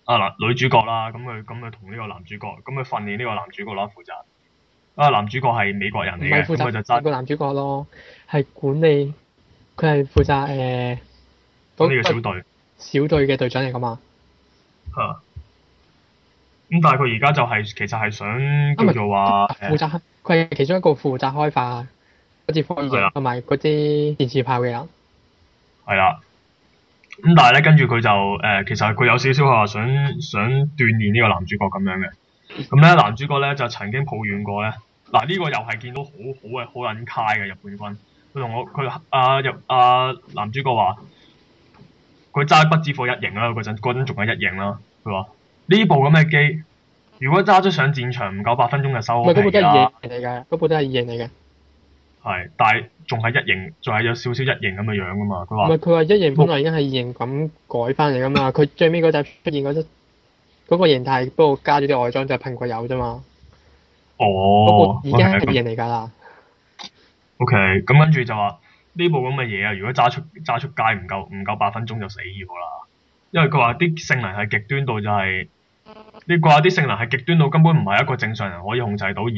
啊嗱、呃、女主角啦，咁佢咁佢同呢個男主角，咁、嗯、佢訓練呢個男主角啦。負責、嗯。啊男主角係美國人嚟嘅，佢就揸個男主角咯，係管理，佢係負責誒。呃呢個小隊小隊嘅隊長嚟噶嘛？吓咁、就是，但係佢而家就係其實係想叫做話誒，負責佢係其中一個負責開化嗰支火藥同埋嗰啲電磁派嘅人係啦。咁但係咧，跟住佢就誒，其實佢有少少係話想想鍛煉呢個男主角咁樣嘅。咁咧，男主角咧就曾經抱怨過咧。嗱，呢、這個又係見到好好嘅好撚 high 嘅日本軍。佢同我佢阿入阿男主角話。佢揸不知火一型啦，嗰陣嗰陣仲係一型啦。佢話呢部咁嘅機，如果揸咗上戰場唔夠八分鐘就收皮啦。唔係嗰部都係二型嚟嘅，嗰部都係二型嚟嘅。係，但係仲係一型，仲係有少少一型咁嘅樣噶嘛。佢話唔係佢話一型本來已經係二型咁改翻嚟㗎嘛。佢 最尾嗰陣出現嗰、那、陣、個，嗰、那個形態不過加咗啲外裝，就係噴過油啫嘛。哦，嗰部已經係二型嚟㗎啦。O K，咁跟住就話，呢部咁嘅嘢啊！如果揸出揸出街唔夠唔夠八分鐘就死咗啦，因為佢話啲性能係極端到就係、是，你話啲性能係極端到根本唔係一個正常人可以控制到而，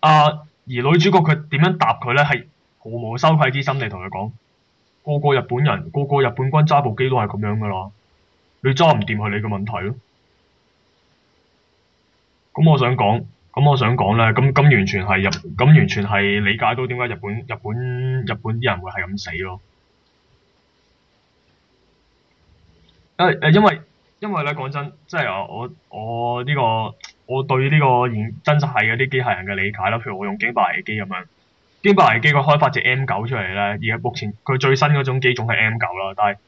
啊而女主角佢點樣答佢咧？係毫無羞愧之心地同佢講，個個日本人個個日本軍揸部機都係咁樣噶啦，你揸唔掂係你嘅問題咯。咁我想講。嗯嗯嗯咁我想講咧，咁咁完全係日，咁完全係理解到點解日本日本日本啲人會係咁死咯。誒誒，因為因為咧講真，即係我我呢個我對呢個現真實係嗰啲機械人嘅理解啦，譬如我用驚爆危機咁樣，驚爆危機佢開發隻 M 九出嚟咧，而目前佢最新嗰種機種係 M 九啦，但係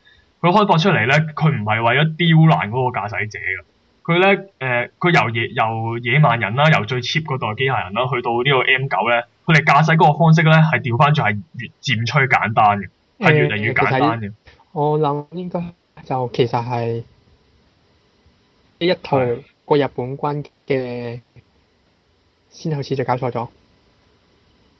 佢開發出嚟咧，佢唔係為咗刁難嗰個駕駛者嘅。佢咧，誒，佢、呃、由野由野蠻人啦，由最 cheap 嗰代機械人啦，去到呢個 M 九咧，佢哋駕駛嗰個方式咧，係調翻轉係越漸趨簡單嘅，係、呃、越嚟越簡單嘅。我諗應該就其實係呢一套個日本軍嘅先開始就搞錯咗。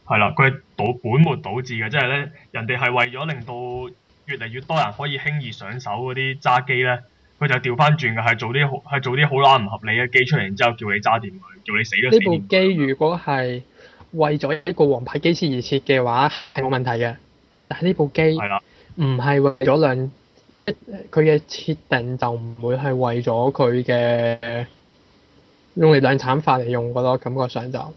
係啦、嗯，佢係倒本末倒置嘅，即係咧，人哋係為咗令到越嚟越多人可以輕易上手嗰啲揸機咧。佢就調翻轉嘅，係做啲好係做啲好撚唔合理嘅機出嚟，然之後叫你揸掂佢，叫你死咗。呢部機如果係為咗一個王牌機師而設嘅話，係冇問題嘅。但係呢部機唔係為咗兩，佢嘅設定就唔會係為咗佢嘅用嚟量產法嚟用，覺得感覺上就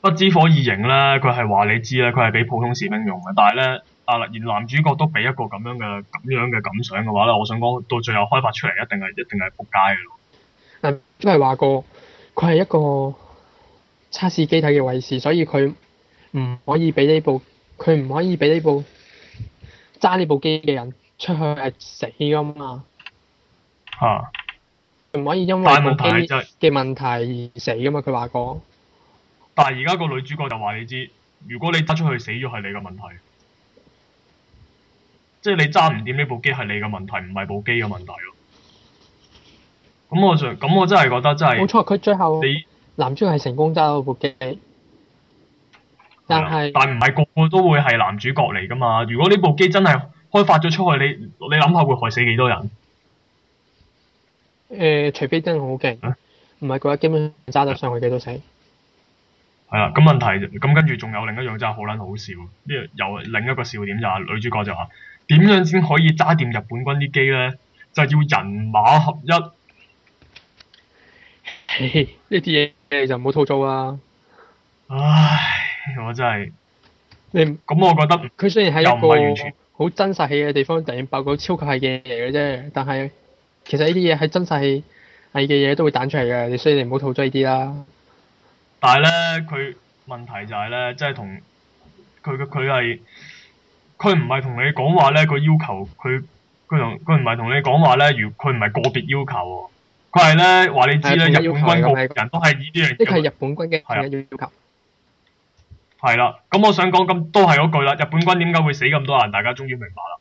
不知火二型咧，佢係話你知咧，佢係俾普通士兵用嘅，但係咧。啊！而男主角都俾一個咁樣嘅咁樣嘅感想嘅話咧，我想講到最後開發出嚟一定係一定係仆街嘅因，但都係話過，佢係一個測試機體嘅衛士，所以佢唔可以俾呢部佢唔可以俾呢部揸呢部機嘅人出去係死噶嘛。啊哈！唔可以因為部機嘅問題而死噶嘛？佢話過。但係而家個女主角就話你知，如果你得出去死咗，係你嘅問題。即係你揸唔掂呢部機係你嘅問題，唔係部機嘅問題咯。咁我就咁我真係覺得真係冇錯。佢最後你男主角係成功揸到部機，的但係是但唔係個個都會係男主角嚟噶嘛？如果呢部機真係開發咗出去，你你諗下會害死幾多人？誒、呃，除非真係好勁，唔係嘅話，基本揸得上去幾多死。係啦，咁問題咁跟住仲有另一樣真係好撚好笑，呢又另一個笑點就係女主角就話。點樣先可以揸掂日本軍啲機咧？就係要人馬合一。嘿嘿。呢啲嘢，你就唔好吐槽啦。唉，我真係。你咁，我覺得佢雖然係一個好真實係嘅地方，突然爆個超級係嘅嘢嘅啫。但係其實呢啲嘢係真實係嘅嘢都會彈出嚟嘅，你所以你唔好吐槽呢啲啦。但係咧，佢問題就係、是、咧，即係同佢嘅佢係。佢唔係同你講話咧，佢要求佢佢同佢唔係同你講話咧，如佢唔係個別要求喎、喔，佢係咧話你知咧，日本軍人都係呢啲樣，呢係日本軍嘅要求。係啦，咁我想講咁都係嗰句啦，日本軍點解、嗯、會死咁多人？大家終於明白啦。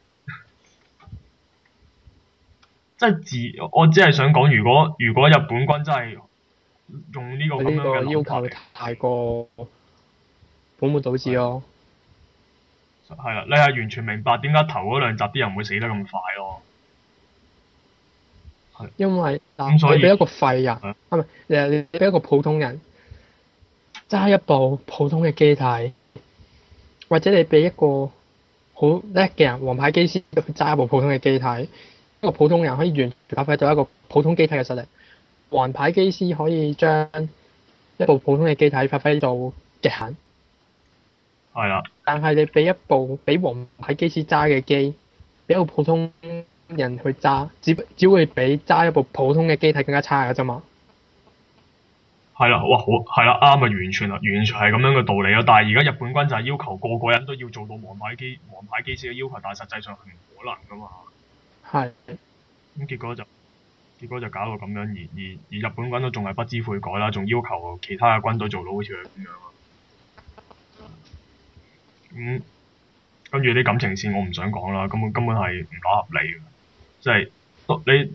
即係自我，只係想講，如果如果日本軍真係用呢個咁樣嘅要求太過，本末倒置致咯？係啦，你係完全明白點解頭嗰兩集啲人唔會死得咁快咯、啊。因為，所以你俾一個廢人，唔係，誒，俾一個普通人揸一部普通嘅機體，或者你俾一個好叻嘅人，王牌機師揸一部普通嘅機體，一個普通人可以完全發揮到一個普通機體嘅實力，王牌機師可以將一部普通嘅機體發揮到極限。係啊，但係你俾一部俾王牌機師揸嘅機，俾個普通人去揸，只只會比揸一部普通嘅機體更加差㗎啫嘛。係啦，哇好係啦，啱啊，完全啊，完全係咁樣嘅道理啊！但係而家日本軍就係要求個個人都要做到王牌機王牌機師嘅要求，但係實際上係唔可能噶嘛。係是。咁、嗯、結果就，結果就搞到咁樣，而而而日本軍都仲係不知悔改啦，仲要求其他嘅軍隊做到好似佢咁樣嗯，跟住啲感情線我唔想講啦，根本根本係唔合理嘅，即係你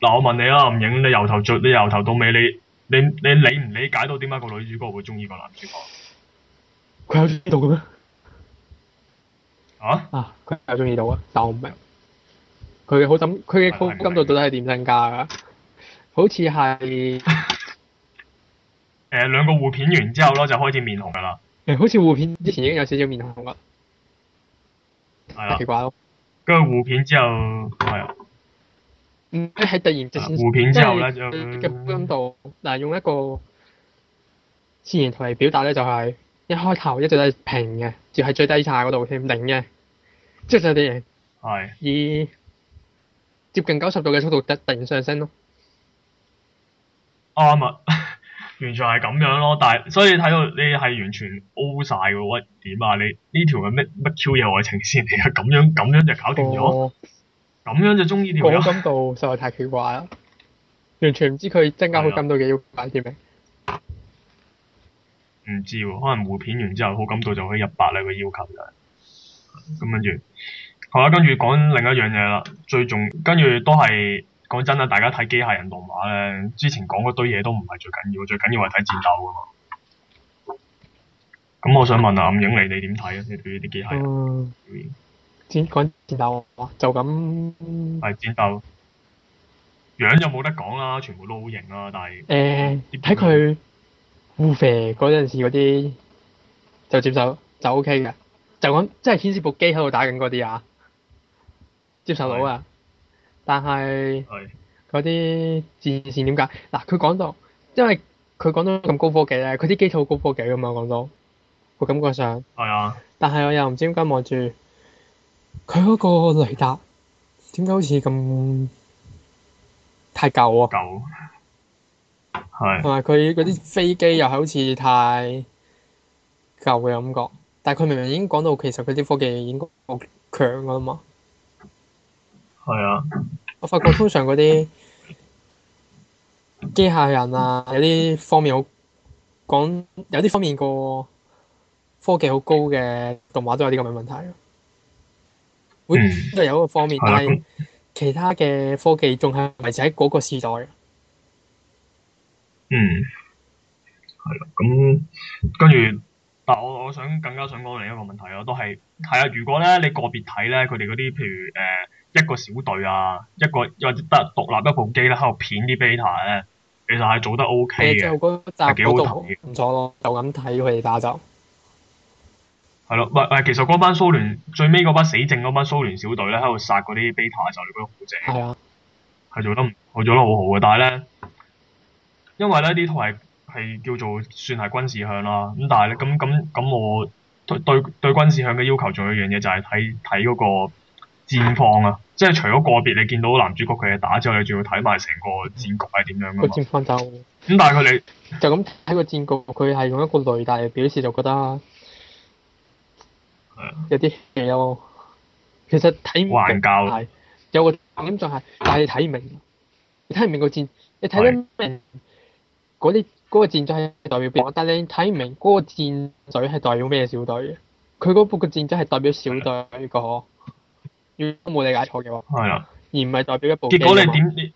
嗱，啊，我問你啦，吳影你由頭你由頭到尾你你你理唔理解到點解個女主角會中意個男主角？佢有中意到嘅咩？啊？啊，佢有中意到啊，但我唔明佢嘅好感佢嘅好感度到底係點增加㗎？太太好似係誒兩個互片完之後咯，就開始面紅㗎啦。誒好似護片之前已經有少少面紅，係啊，奇怪咯。跟住護片之後，係啊，嗯，喺突然直線護片之後咧，就嘅温度嗱，用一個線形圖嚟表達咧，就係一開頭一直都係平嘅，就喺最低差嗰度添零嘅，之後就啲嘢係以接近九十度嘅速度突突然上升咯，啱啊。完全係咁樣咯，但係所以睇到你係完全 O 晒喎，點啊你呢條係咩乜 Q 嘢愛情線嚟啊？咁樣咁樣就搞掂咗，咁、哦、樣就中意條好感度實在太奇怪啦，完全唔知佢增加好感度嘅要求。係咩的？唔知喎，可能互片完之後好感度就可以入白啦個要求就係、是，咁跟住，好啦，跟住講另一樣嘢啦，最重跟住都係。講真啊，大家睇機械人動畫咧，之前講嗰堆嘢都唔係最緊要，最緊要係睇戰鬥噶嘛。咁我想問下吳永利你點睇啊？你對呢啲機械人表？表演、嗯？只講戰鬥，就咁。係戰鬥，樣就冇得講啦，全部都好型啦，但係。誒、欸，睇佢護肥嗰陣時嗰啲，就接受就 OK 噶，就咁、OK，即係牽涉部機喺度打緊嗰啲啊，接受到啊。但係嗰啲戰線點解？嗱是，佢、啊、講到，因為佢講到咁高科技咧，佢啲機器高科技咁啊，我講到，我感覺上，係啊、哎呀。但係我又唔知點解望住佢嗰個雷達，點解好似咁太舊啊？舊。係。同埋佢嗰啲飛機又係好似太舊嘅感覺。但係佢明明已經講到其實佢啲科技已經好強啦嘛。係啊，我發覺通常嗰啲機械人啊，有啲方面好講，有啲方面個科技好高嘅動畫都有啲咁嘅問題。會都有一個方面，嗯、但係其他嘅科技仲係維持喺嗰個時代。嗯，係啦、啊，咁跟住，但，我我想更加想講另一個問題咯，都係係啊。如果咧你個別睇咧，佢哋嗰啲譬如誒。呃一個小隊啊，一個或者得獨立一部機咧，喺度片啲 beta 咧，其實係做得 OK 嘅，幾好睇唔錯咯，就咁睇佢哋打就係咯，唔係其實嗰班蘇聯最尾嗰班死剩嗰班蘇聯小隊咧，喺度殺嗰啲 beta 就嗰度好正，係啊，做得係做得好好嘅，但係咧，因為咧呢套係係叫做算係軍事向啦，咁但係咧，咁咁咁我對對對軍事向嘅要求仲有一樣嘢就係睇睇嗰個。綻放啊！即係除咗個別，你見到男主角佢嘅打鬥，之外，你仲要睇埋成個戰局係點樣噶嘛？個戰況就咁、嗯，但係佢哋就咁睇個戰局，佢係用一個雷大嚟，表示，就覺得有啲有。其實睇唔明，膠有個印象係，但係睇唔明。你睇唔明個戰？你睇得明嗰啲嗰個戰隊係代表邊？但係你睇唔明嗰、那個戰隊係代表咩小隊？佢嗰部個戰隊係代表小隊噶。如果冇理解錯嘅話，係啦的，而唔係代表一部結。結果你點？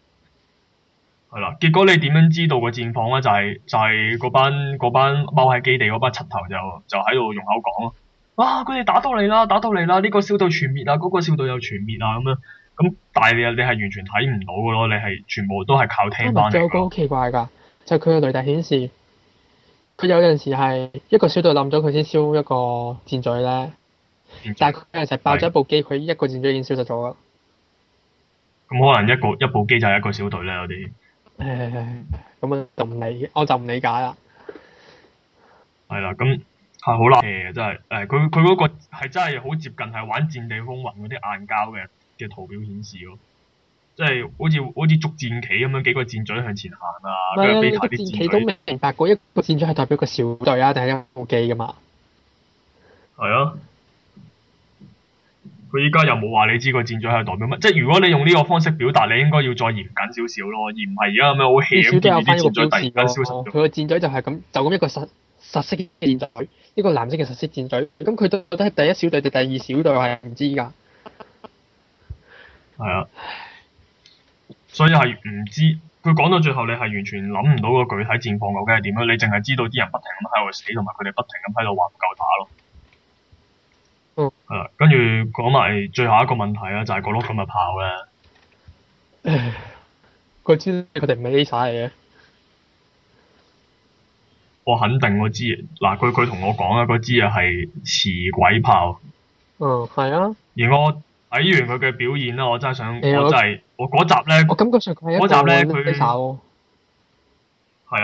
係啦，結果你點樣知道個戰況咧？就係、是、就係嗰班嗰班包圍基地嗰班柒頭就就喺度用口講咯。啊！佢哋打到嚟啦，打到嚟啦！呢、這個小隊全滅啊，嗰、那個小隊又全滅啊，咁樣。咁但係你你係完全睇唔到嘅咯，你係全部都係靠聽翻。仲有個好奇怪噶，就係佢嘅雷達顯示，佢有陣時係一個小隊冧咗，佢先燒一個戰嘴咧。但係佢有爆咗一部機，佢的一個戰隊已經消失咗啦。咁、嗯、可能一個一部機就係一個小隊咧，有啲。咁啊就唔理，我，唉唉唉我就唔理解啦。係啦，咁係好難嘅真係，誒佢佢嗰個係真係好接近係玩《戰地風雲》嗰啲硬膠嘅嘅圖表顯示咯。即係好似好似逐戰棋咁樣幾個戰隊向前行啊，跟住俾佢啲戰隊。我都未明白過一個戰隊係代表一個小隊啊，定係一部機噶嘛。係啊。佢依家又冇話你知個戰隊係代表乜，即係如果你用呢個方式表達，你應該要再嚴謹少少咯，而唔係而家咁樣好輕掂佢個戰隊就係咁，就咁一個實實色戰隊，一個藍色嘅實色戰隊。咁佢覺得第一小隊定第二小隊係唔知㗎。係 啊，所以係唔知。佢講到最後，你係完全諗唔到個具體戰況究竟係點樣，你淨係知道啲人不停咁喺度死，同埋佢哋不停咁喺度話唔夠打咯。嗯，係啦，跟住講埋最後一個問題啦、啊，就係嗰碌咁嘅炮咧。佢知佢哋尾晒嘅。我肯定我知，嗱，佢佢同我講、嗯、啊，嗰支啊係持鬼炮。嗯，係啊。而我睇完佢嘅表現啦，我真係想，啊、我真、就、係、是，我嗰集咧，我感覺上佢嗰集咧，佢係他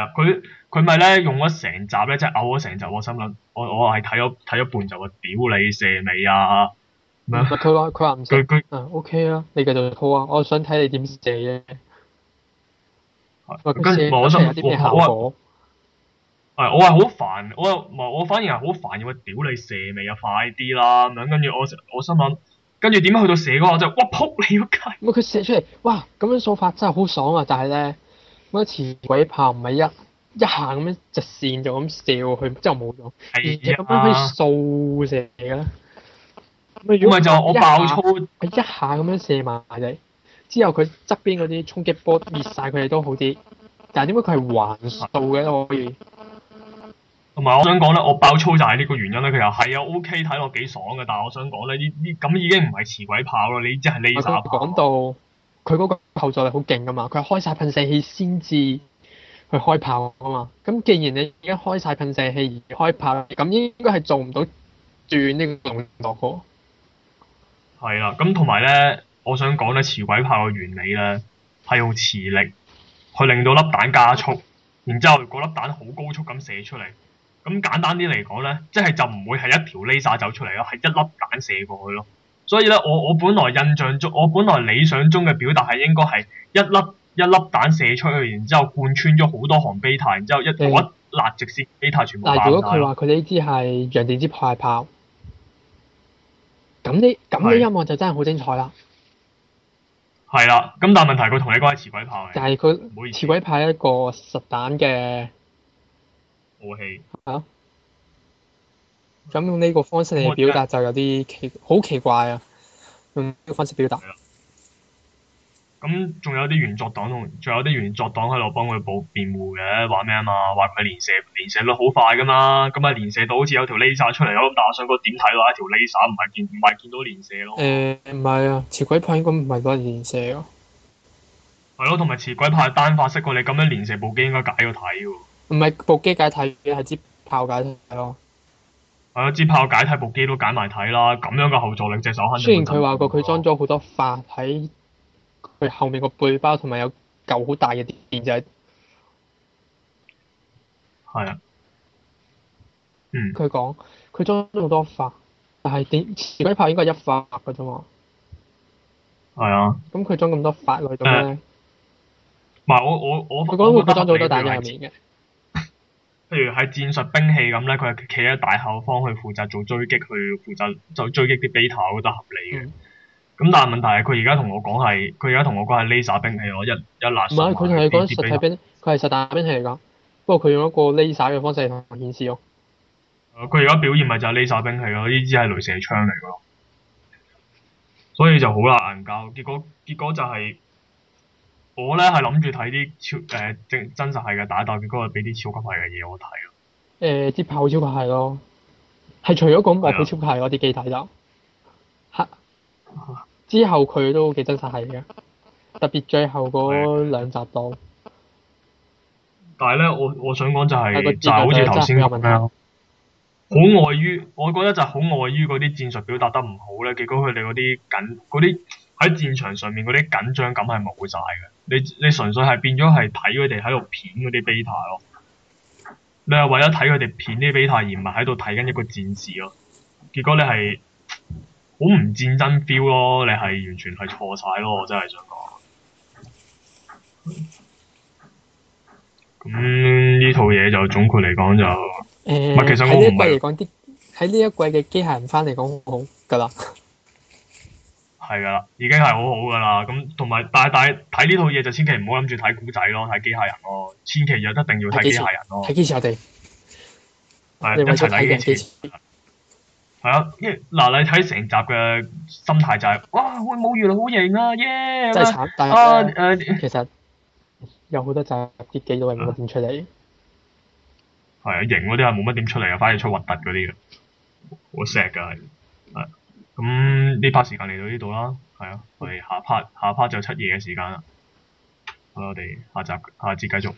啊，佢。佢咪咧用咗成集咧，即係嘔咗成集。我心諗，我我係睇咗睇咗半集，我屌你射尾啊！咁佢話佢話唔佢佢嗯 O K 啊，okay，你繼續鋪啊，我想睇你點射嘅。跟住我先我我我係我係好煩，我我，我反而係好煩，因為屌你射尾啊，快啲啦咁樣。跟住我我心諗，跟住點樣去到射嘅話，即係哇撲你個、啊，唔佢射出嚟哇咁樣掃法真係好爽啊！但係咧，乜前鬼炮唔係一？一下咁樣直線就咁射過去，之後冇咗，咁、哎、咁樣可以掃射嚟啦。咁咪就我爆粗，佢一下咁樣射埋你，之後佢側邊嗰啲衝擊波滅晒，佢哋都好啲。但係點解佢係橫掃嘅我可以？同埋我想講咧，我爆粗就係呢個原因啦。佢又係啊 OK，睇落幾爽嘅，但係我想講咧，呢呢咁已經唔係持鬼炮咯。你即係係呢下講到佢嗰個後座力好勁噶嘛？佢開晒噴射器先至。去開炮啊嘛，咁既然你而家開晒噴射器而開炮，咁應該係做唔到轉呢個動作個。係啦，咁同埋咧，我想講咧，磁軌炮嘅原理咧，係用磁力去令到粒彈加速，然之後嗰粒彈好高速咁射出嚟。咁簡單啲嚟講咧，即係就唔、是、會係一條 Laser 走出嚟咯，係一粒彈射過去咯。所以咧，我我本來印象中，我本來理想中嘅表達係應該係一粒。一粒彈射出去，然之後貫穿咗好多行 beta，然之後一骨裂，嗯、辣直接 beta 全部。但係如果佢話佢呢支係人哋支派炮，咁呢咁呢音樂就真係好精彩啦。係啦，咁但係問題佢同你關係磁軌炮。但係佢磁軌炮係一個實彈嘅武器。嚇氣！咁、啊、用呢個方式嚟表達就有啲奇，就是、好奇怪啊！用呢個方式表達。咁仲有啲原作黨，仲有啲原作黨喺度幫佢保辯護嘅，話咩啊嘛？話佢連射，連射率好快噶嘛？咁啊連射到好似有條 laser 出嚟咯，但係我想講點睇咯，一條 laser 唔係見唔係見到連射咯。誒唔係啊，刺鬼派應該唔係講連射咯。係咯，同埋刺鬼派係單發式喎，你咁樣連射部機應該解咗睇喎。唔係部機解睇嘅，係支炮解睇咯。係啊，支炮解睇部機都解埋睇啦，咁樣嘅後座兩隻手肯定。雖然佢話過佢裝咗好多發喺。佢後面個背包同埋有嚿好大嘅電掣係，係啊，嗯，佢講佢裝咗好多發，但係電磁軌炮應該係一發嘅啫嘛，係啊，咁佢裝咁多發嚟做咩？唔係我我我，佢講佢裝咗好多彈入面嘅，譬如喺戰術兵器咁咧，佢係企喺大後方去負責做狙擊，去負責就狙擊啲 BETA 都合理嘅。嗯咁但係問題係，佢而家同我講係，佢而家同我講係 Laser 兵器我一一粒。唔係，佢同你講實體兵，佢係實打兵器嚟㗎。不過佢用一個 Laser 嘅方式嚟顯示咯。佢而家表現咪就係 Laser 兵器咯，呢支係雷射槍嚟㗎。所以就好難硬膠。結果結果就係、是，我咧係諗住睇啲超誒正、呃、真實係嘅打鬥，結果俾啲超級係嘅嘢我睇。誒、呃，節拍好超級係咯，係除咗講話佢超級係我啲機體就，嚇。之後佢都幾真實係嘅，特別最後嗰兩集多。但係咧，我我想講就係、係，啊那個、就好似頭先咁樣，問題好礙於，我覺得就好礙於嗰啲戰術表達得唔好咧，結果佢哋嗰啲緊嗰啲喺戰場上面嗰啲緊張感係冇晒嘅。你你純粹係變咗係睇佢哋喺度片嗰啲 beta 咯，你係為咗睇佢哋片啲 beta 而唔係喺度睇緊一個戰士咯，結果你係。好唔戰爭 feel 咯，你係完全係錯晒咯，我真係想講。咁、嗯、呢套嘢就總括嚟講就、嗯，其實我唔係。翻嚟講啲喺呢一季嘅機械人翻嚟講好好噶啦，係噶啦，已經係好好噶啦。咁同埋，但係但係睇呢套嘢就千祈唔好諗住睇古仔咯，睇機械人咯，千祈又一定要睇機械人咯，睇機械人係啊，嗱、啊、你睇成集嘅心態就係、是，哇！我冇魚好型啊，耶、yeah, 啊！真係慘，但係、啊呃、其實有好多集，啲幾多型嘅點出嚟？係啊，型嗰啲係冇乜點出嚟啊，啊反而出核突嗰啲嘅，好 sad 㗎係。啊，咁呢 part 時間嚟到呢度啦，係啊，我哋下 part 下 part 就七夜嘅時間啦。好，我哋下集下節繼續。